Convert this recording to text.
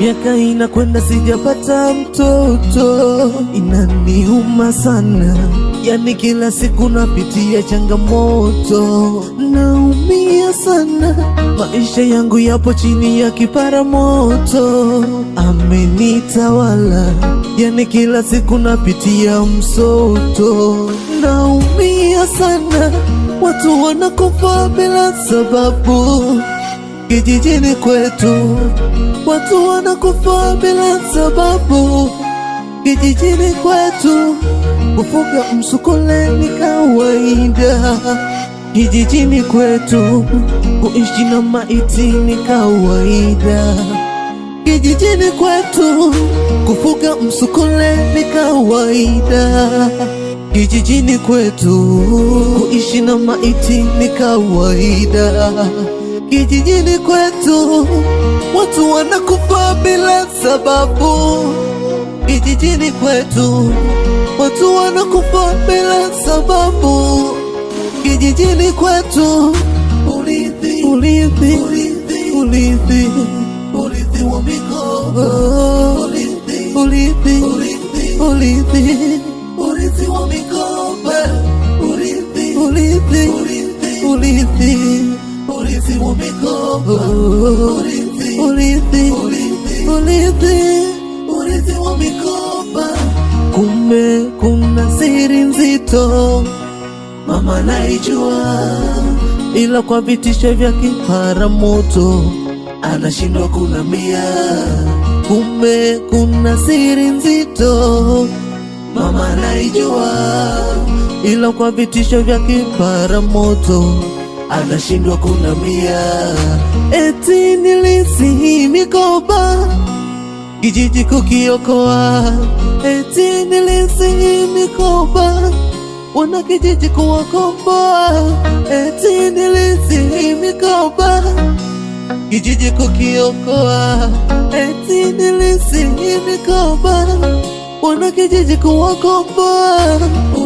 Miaka inakwenda sijapata mtoto, inaniuma sana. Yani kila siku napitia changamoto, naumia sana. Maisha yangu yapo chini ya kiparamoto, amenitawala. Yani kila siku napitia msoto, naumia sana watu wanakufa bila sababu kijijini kwetu, watu wanakufa bila sababu kijijini kwetu. Kufuga msukule ni kawaida kijijini kwetu, kuishi na maiti ni kawaida kijijini kwetu, kufuga msukule ni kawaida. Kijijini kwetu kuishi na maiti ni kawaida. Kijijini kwetu watu wanakufa bila sababu. Kijijini kwetu watu wanakufa bila sababu. Kijijini kwetu urithi, urithi, urithi, urithi, wa mikono, urithi, urithi, urithi urithi wa migomba, urithi, urithi, urithi, urithi, wa urithi, urithi, urithi, urithi, wa Kumbe kuna siri nzito mama naijua, ila kwa vitisho vya moto anashindwa kunamia. Kumbe kuna siri nzito mama naijua, ila kwa vitisho vya kipara moto anashindwa kunamia. Eti nilisihi mikoba kijiji kukiokoa, eti nilisihi mikoba wana kijiji kuwakomboa, eti nilisihi mikoba kijiji kukiokoa, eti nilisihi mikoba wanakijiji kuwakomboa